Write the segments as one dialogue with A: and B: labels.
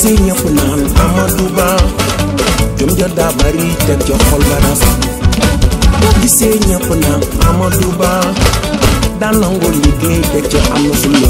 A: si ñëpp naan Amadou Ba jom ja daa bari
B: teg ca xol ba rafet boo gisee ñëpp naan Amadou Ba
C: daan nangoo liggéey teg ca am na fulla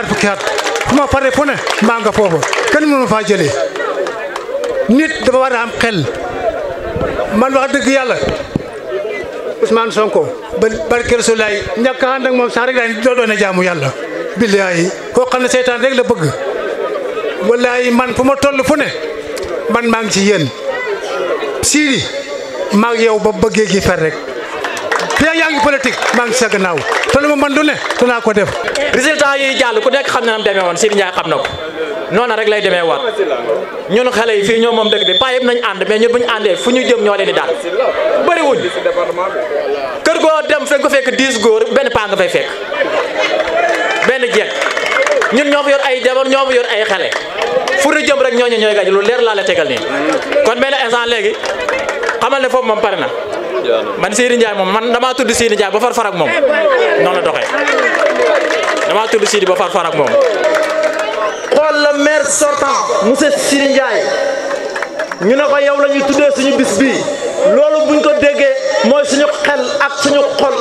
B: ñaar fukki fu ma faree fu ne maa nga foofa kenn mënu faa jëlee nit dafa war a am xel man wax dëgg yàlla Ousmane Sonko ba barke Rasulaay ñàkk ànd ak moom sax rek daañu doo jaamu yàlla. billaahi koo xam seytaan rek la bëgg wallaahi man fu ma toll fu ne man maa ngi ci siiri maa ngi yow ba bëggee gi mbirum politique maa ngi sa gannaaw te lu ma mën lu ne danaa ko def. résultat yi jàll ku nekk xam na nam demee woon Sidi Ndiaye xam na ko noonu rek lay demee waat ñun xale yi fii ñoom moom dëkk bi paa yëpp nañu ànd mais ñun bu ñu fu ñu jëm ñoo leen di daal bëriwuñ kër goo dem fekk ko fekk 10 góor benn paa nga fay fekk benn jeeg ñun
A: ñoo fa ay jabar ñoo fa yor ay xale fu ñu jëm rek ñooñu ñooy gañ lu leer laa la tegal nii kon benn instant léegi xamal ne foofu moom pare na. man Seydi Ndiaye moom man damaa tudd Seydi Ndiaye ba far far ak moom noonu la doxee damaa tudd Seydi ba far far ak moom.
B: xool le maire sortant monsieur Seydi Ndiaye ñu ne ko yow la ñuy tuddee suñu bis bii loolu buñ ko déggee mooy suñu xel ak suñu xol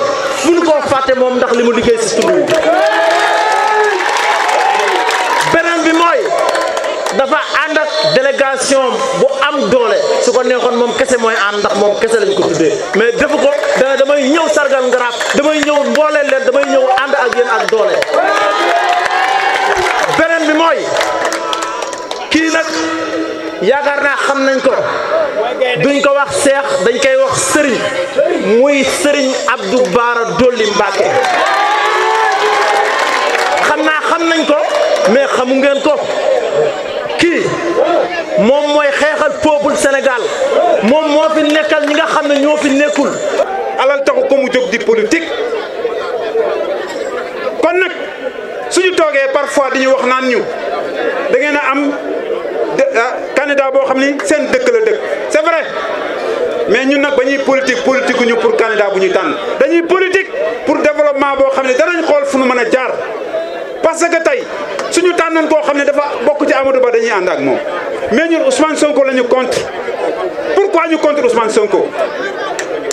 B: buñ ko fàtte moom ndax li mu liggéey si tur beneen bi mooy dafa délégation bu am doole su ko neexoon moom kese mooy ànd ndax moom kese lañ ko tuddee mais defu ko dana damay ñëw sargal Ngaraaf damay ñëw mboolee leen damay ñëw ànd ak yéen ak doole beneen bi mooy kii nag yaakaar naa xam nañ ko duñ ko wax seex dañ koy wax sëriñ muy sëriñ Abdou Bara Dolly Mbacké xam naa xam nañ ko mais xamu ngeen ko kii moom mooy xeexal peuple Sénégal moom moo fi nekkal ñi nga xam ne ñoo fi nekkul. alal taxu ko mu jóg di politique kon nag suñu toogee parfois di ñu wax naan ñu da ngeen a am ah, candidat boo xam ne seen dëkk la dëkk c'est vrai mais ñun nag ba ñuy politique politique ñu pour candidat bu ñuy tànn dañuy politique pour développement boo xam ne danañ xool fu nu mën a jaar parce que tey. tànnoon koo xam ne dafa bokk ci Amadou Ba dañuy ànd ak moom mais ñun Ousmane Sonko la ñu contre pourquoi ñu contre Ousmane Sonko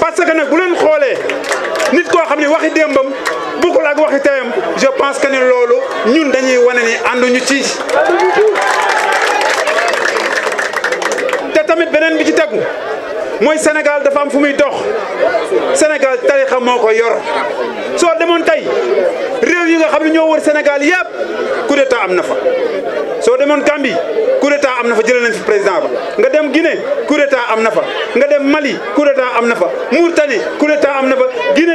B: parce que bu leen xoolee nit koo xam ne waxi démbam bokkul ak waxi tayam je pense que ne loolu ñun dañuy wane ni ànduñu ci. te tamit beneen bi ci tegu. moy Sénégal dafa am fumuy muy dox Sénégal tarixa moko yor so demone tay rew yi nga xamni ne ñoo wër Sénégal yëpp coup d'état am na fa. soo demoon Gambie coup d'état am na fa jëlee nañ fi président ba nga dem guiné coup d'état am na fa nga dem Mali coup d'état am na fa Mauritanie coup d'état am na fa guiné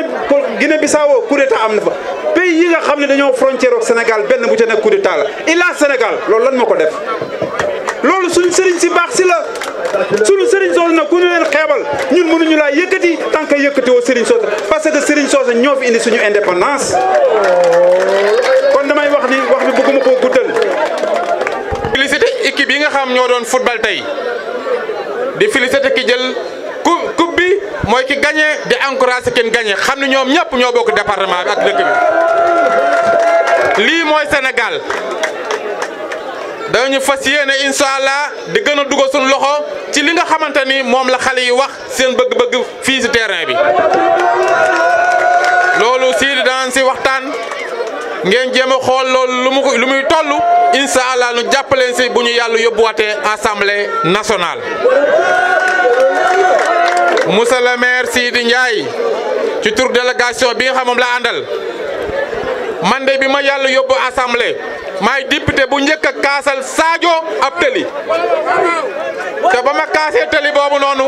B: Guinée Bissau coup d'état am na fa. pays yi nga xamni dañoo frontière ak Sénégal benn bu ci nek coup d'état la ila Sénégal loolu lan mako def. loolu suñ sëriñ si baax si la suñu sëriñ soosu na ku ñu leen xeebal ñun mënuñu laa yëkkati tant que yëkkatiwoo sëriñ soosu parce que sëriñ soosu ñoo fi indi suñu indépendance kon damay wax ni wax bi bëgguma koo guddal.
A: félicité équipe yi nga xam ñoo doon football tey di félicité ki jël coupe coupe bi mooy ki gagné di encouragé kenn gagné xam ne ñoom ñëpp ñoo bokk département bi ak dëkk bi lii mooy Sénégal. dañu fas yéene incha allah di gën a dugal suñu loxo ci li nga xamante ni moom la xale yi wax seen bëgg-bëgg fii si terrain bi loolu sii di daan si waxtaan ngeen jéem a xool loolu lu lu muy tollu incha allah nu jàppaleen si bu ñu yàlla yóbbuwaatee assemblée nationale. Monsieur le maire Sidi Ndiaye ci tur délégation bi nga xam la àndal man de bi ma yàlla yóbbu assemblée. maay député bu njëkk a kaasal Sadio ab tëli te ba ma kaasee tëli boobu noonu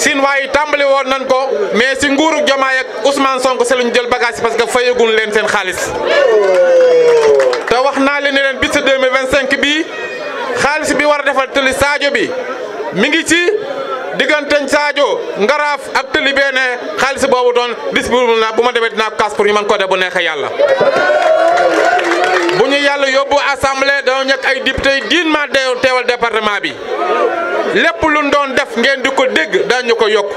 A: Sinwaa yi tàmbali woon nañ ko mais si nguuru Jomaay ak Ousmane Sonko si lañu jël bagage parce que fayaguñ leen seen xaalis te wax naa leen ne leen bis 2025 bii xaalis bi war a defal tëli Sadio bi mi ngi ci digganteñ Sadio Ngaraaf ak tëli bee ne xaalis boobu doon disponible naa bu ma demee dinaa ko kaas pour ñu mën ko def bu neexee yàlla. bu ñu yàlla yóbbu assemblée dañoo ñekk ay député yi dignement teewal département bi lépp lu ñu def ngeen di ko dégg dañu ko yokk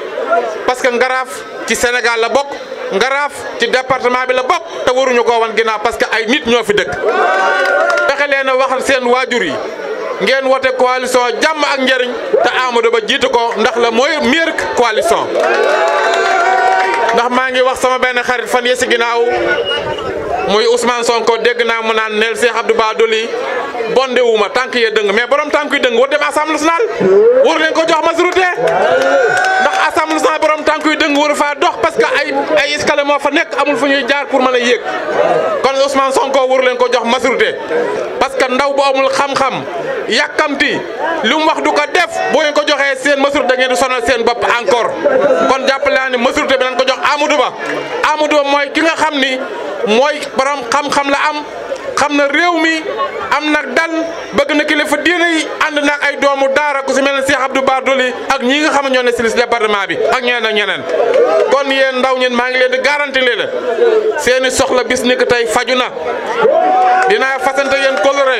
A: parce que Ngaraaf ci Sénégal la bokk Ngaraaf ci département bi la bokk te waruñu ko wan ginnaaw parce que ay nit ñoo fi dëkk fexe leen a waxal seen waajur yi ngeen wote coalition jàmm ak njëriñ te Amadou Ba jiitu ko ndax la mooy meilleure coalition ndax maa ngi wax sama benn xarit fan yee si ginnaaw muy Ousmane Sonko dégg naa mu naan neel Cheikh Abdou Bara Dolly bondé wu ma tànk yee dëng mais borom tànk yi dëng war dem assemblée nationale war leen ko jox majorité ndax assemblée borom tànk yi dëng war faa dox parce ay ay fa nekk amul fu ñuy jaar pour mën a yéeg kon Ousmane Sonko war leen ko jox majorité parce que ndaw bu amul xam-xam yàkkamti lu mu wax du ko def boo ngeen ko joxee seen majorité da ngeen di seen bopp encore kon jàppale naa ne majorité bi nañ ko jox Amadou Ba Amadou Ba mooy ki nga xam ni mooy borom xam-xam la am. xam na réew mi am nag dal bëgg na kilifa diine yi ànd nag ay doomu daara ko si mel ne Cheikh Abdou Bara Dolly ak ñii nga xam ne ñoo ne si département bi ak ñeneen ñeneen kon yéen ndaw ñun maa ngi leen di garanti leen la seeni soxla bis ni tey faju na dinaa fasante yeen coloré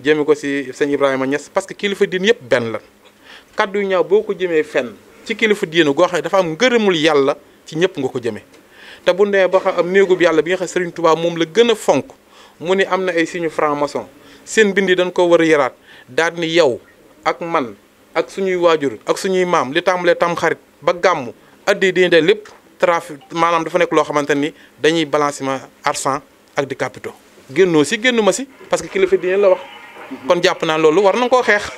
A: jëme ko si sëñ Ibrahima Niass parce que kilifa diin yëpp benn la kaddu yu boko boo ko fenn ci kilifa diinu goo xam dafa am ngërëmul yalla ci ñëpp nga ko jëmee ta bu nee ba xam am néegub yàlla bi nga xam Serigne Touba mom la gëna fonk mu ni am ay signe franc maçon seen bindi dañ ko war a yaraat daal ni yow ak man ak suñuy wajur ak suñuy mam li tàmbalee tam xarit ba gamu addé di lepp trafic manam dafa nek lo xamanteni dañuy balancement argent ak di capitaux génnoo si ma si parce que kilifa diine la wax kon jàpp naa loolu war na koo xeex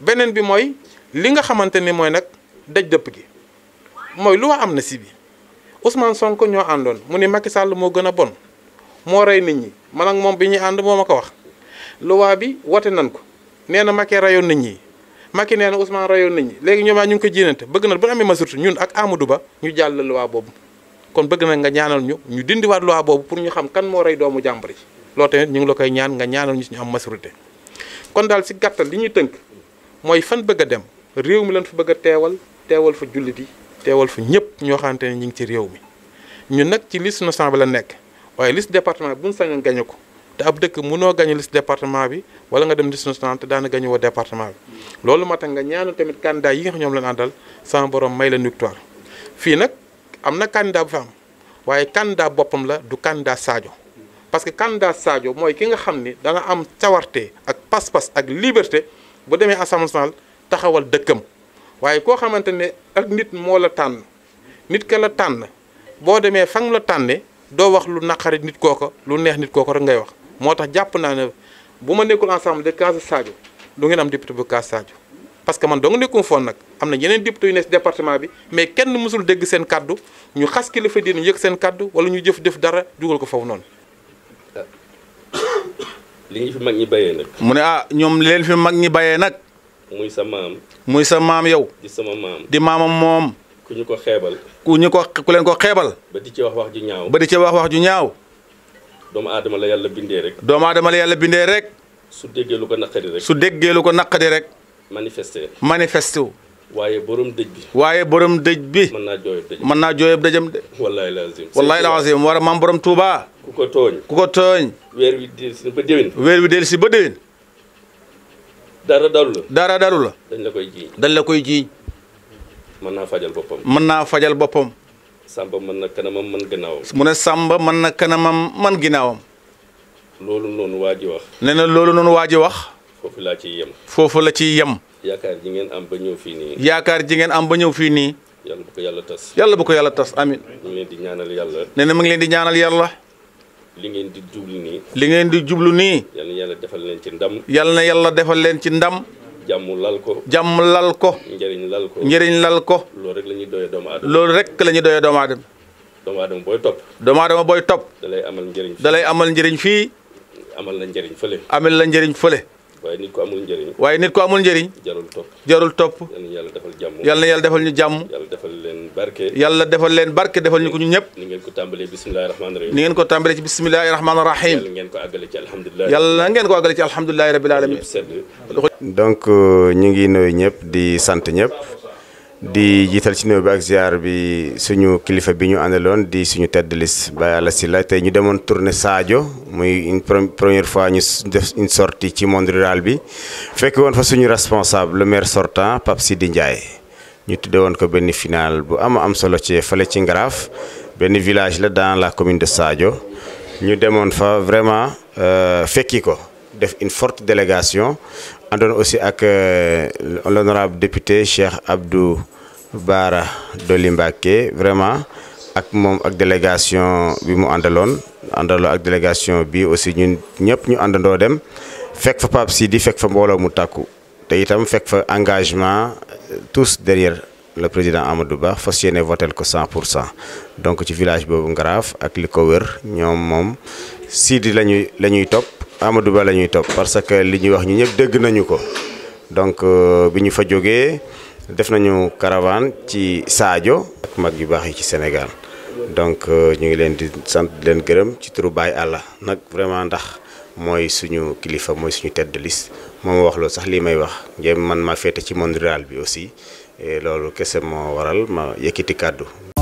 A: beneen bi mooy li nga xamante ni mooy nag daj dëpp gi mooy lu am na si bi Ousmane Sonko ñoo àndoon mu ni Macky Sall moo gën a bon moo rey nit ñi man ak moom bi ñuy ànd moo ma ko wax luwaa bi wote nan ko nee na Macky rayoon nit ñi Macky na Ousmane rayoon ñu ngi ko jiinante bëgg na bu amee majorité ñun ak Amadou Ba ñu jàll luwaa boobu kon bëgg na nga ñaanal ñu ñu dindiwaat luwaa boobu pour ñu xam kan moo rey doomu jàmbur yi loo tamit ñu ngi la koy ñaan nga ñaanal ñu si ñu am kon dal si gattal li ñu tënk mooy fan bëgg dem réew mi lañ fa bëgg a teewal fa julliti yi fa ñëpp ño xamante ne ngi ci réew mi ñu nak ci liste nationale bi la nekk waaye liste département buñu sañu ñu ko te ab dëkk mëno gañe liste département bi wala nga dem liste nationale te na gañe wo département bi loolu mata nga ñaanu tamit candidat yi nga ñom lañ andal sama borom may la victoire fi nak am candidat bu fam waye candidat bopam la du candidat Sadio parce que candidat Sadio moy ki nga xamni da dana am tawarté ak pas-pas ak liberté bu demee assemblée nationale taxawal dëkkam waaye koo xamante ne ak nit moo la tànn nit ka la tànn boo demee fan la tànne doo wax lu naqari nit kooko lu neex nit kooko rek ngay wax moo tax jàpp naa ne bu ma nekkul ensemble de Casa Sadio du ngeen am député bu Casa Sadio parce que man doo nga nekkum foon nag am na yeneen député yu ne si département bi mais kenn mësul dégg seen kaddu ñu xas kilifa diine ñu yëg seen kàddu wala ñu jëf-jëf
D: dara jugal ko foofu noonu
C: li ñu fi mag ñi bayee nag. mu ne ah ñoom leen fi mag ñi bayee nag. muy sa maam.
D: muy sa maam yow. di sama maam. di maamam moom.
C: ku ñu ko xeebal.
D: ku ñu ko ku leen ko xeebal.
C: ba di ci wax wax ju ñaaw. ba di ci wax wax ju ñaaw. doomu aadama la yàlla bindee rek. doomu aadama la yàlla bindee rek. su déggee lu ko naqadi rek. su déggee lu ko naqadi rek. manifester.
D: manifester wu.
C: waaye borom dëj bi.
D: waaye borom dëj bi. mën naa jooyab dëjëm mën naa jooyab dëjëm de. wallaahi laazim. maam borom Touba. ko tooñ ku ko tooñ
C: weer wi delsi ba déwén weer wi dara daru
D: dara daru la dañ la koy jiiñ dañ la koy jiiñ
C: mën naa fajal boppam mën naa fajal boppam samba mën na kanamam man ginnaawam mu
D: samba mën na kanamam man ginnaawam
C: loolu noonu waa ji wax nee na loolu noonu waa ji wax foofu laa ciy yem foofu la ciy yem yaakaar ji ngeen am ba ñëw fii nii yaakaar
D: ji ngeen am ba ñëw fii nii
C: yàlla bu ko yàlla tas yàlla bu ko yàlla tas amin mu ngi leen di ñaanal yàlla nee na ngi leen di ñaanal yàlla li ngeen di jublu nii.
D: li ngeen di jublu nii.
C: yal na yàlla defal leen ci ndam.
D: yal na yàlla defal leen ci ndam.
C: jàmm lal ko. jàmm
D: lal ko. njëriñ lal njëriñ lal ko. loolu rek la ñuy doyee doomu aadama. loolu rek la ñuy doyee doomu aadama.
C: doomu aadama booy topp. doomu aadama booy topp. da lay amal njëriñ.
D: da amal njëriñ fii.
C: amal la njëriñ fële.
D: amal la njëriñ fële.
C: waaye nit ko amul njëriñ. waaye nit ko amul njëriñ. jarul topp jarul topp. yal na yàlla defal jàmm. yal yàlla defal ñu jàmm. yalla defal len
D: barke defal ñu ko ñun ñëpp.
C: ni ngeen ko tambale bismillahi rahmaani rahim. ni ngeen ko ci bismillahi rahim.
D: ngeen ko rabbil alamin.
E: donc euh, ñu ngi nuyu di sante ñëpp di jital ci nuyu bi ak ziar bi suñu kilifa bi ñu andalon di suñu tedd ba yalla Alla la tay ñu demone tourner Sadio muy une première fois ñu def une sortie ci monde rural bi fekk won fa suñu responsable le maire sortant pap Sidi Ndiaye. Nous tudde woon ko benn final bu am am solo ci fale ci Ngaraaf benn village la dans la commune de Sadio ñu demoon fa vraiment euh, fekki ko def une forte délégation àndoon aussi ak euh, l'honorable député Cheikh Abdou Bara Doli vraiment ak mom ak délégation bi mu andalon àndaloo ak délégation bi aussi ñun ñep ñu àndandoo dem fek fa Pape Sidi fek fa mbolo mu tàkku té itam fekk fa engagement euh, tous derrière le président Amadou Ba fas votel ko 100 donc ci village bobu Ngaraaf ak liko wër ñom mom Sidi lañuy lañuy top Amadou Ba lañuy top. parce que li ñuy wax ñu ñep dégg nañu ko donc euh, biñu fa joggé def nañu caravane ci Sadio ak mag yu bax yi ci Sénégal donc euh, ñu ngi leen di sant leen gërëm ci turu Baye Allah. nag vraiment ndax moy suñu kilifa moy suñu tête de liste moo ma wax loolu sax lii may wax ngeen man ma féete ci monde rural bi aussi loolu kese moo waral ma yëkkati kàddu.